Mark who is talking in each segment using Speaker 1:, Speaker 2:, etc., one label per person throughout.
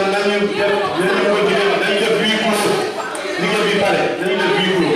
Speaker 1: Nem de nañu Nem de nañu def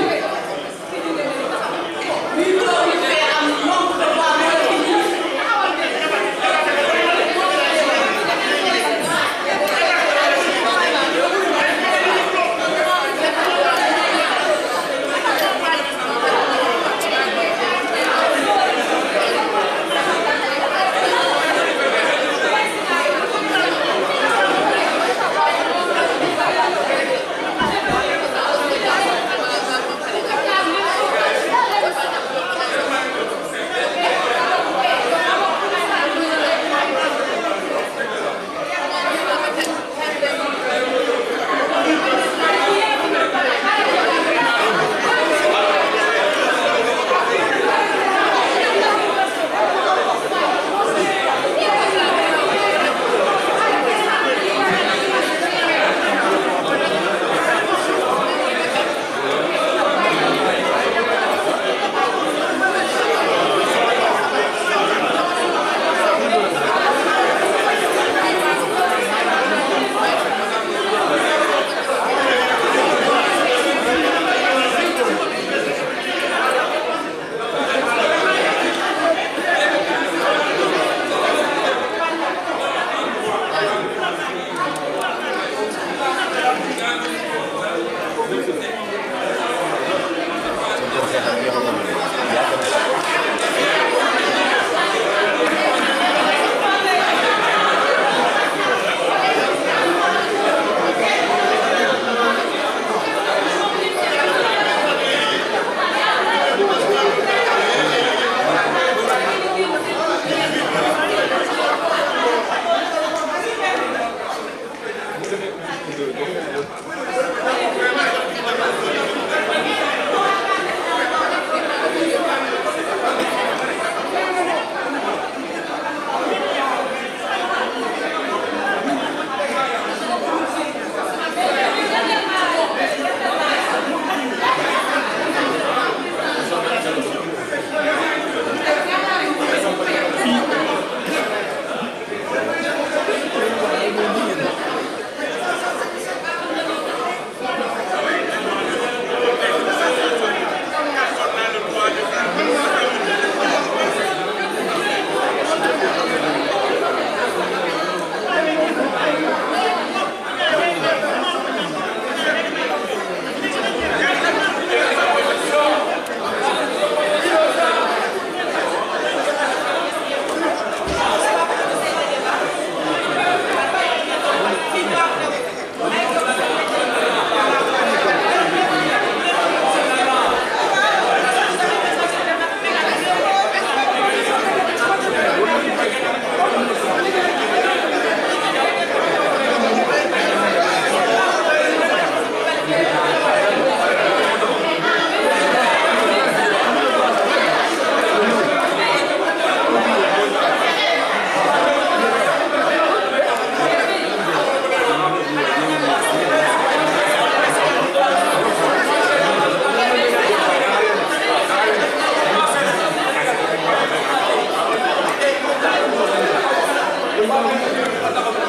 Speaker 2: ただ僕は。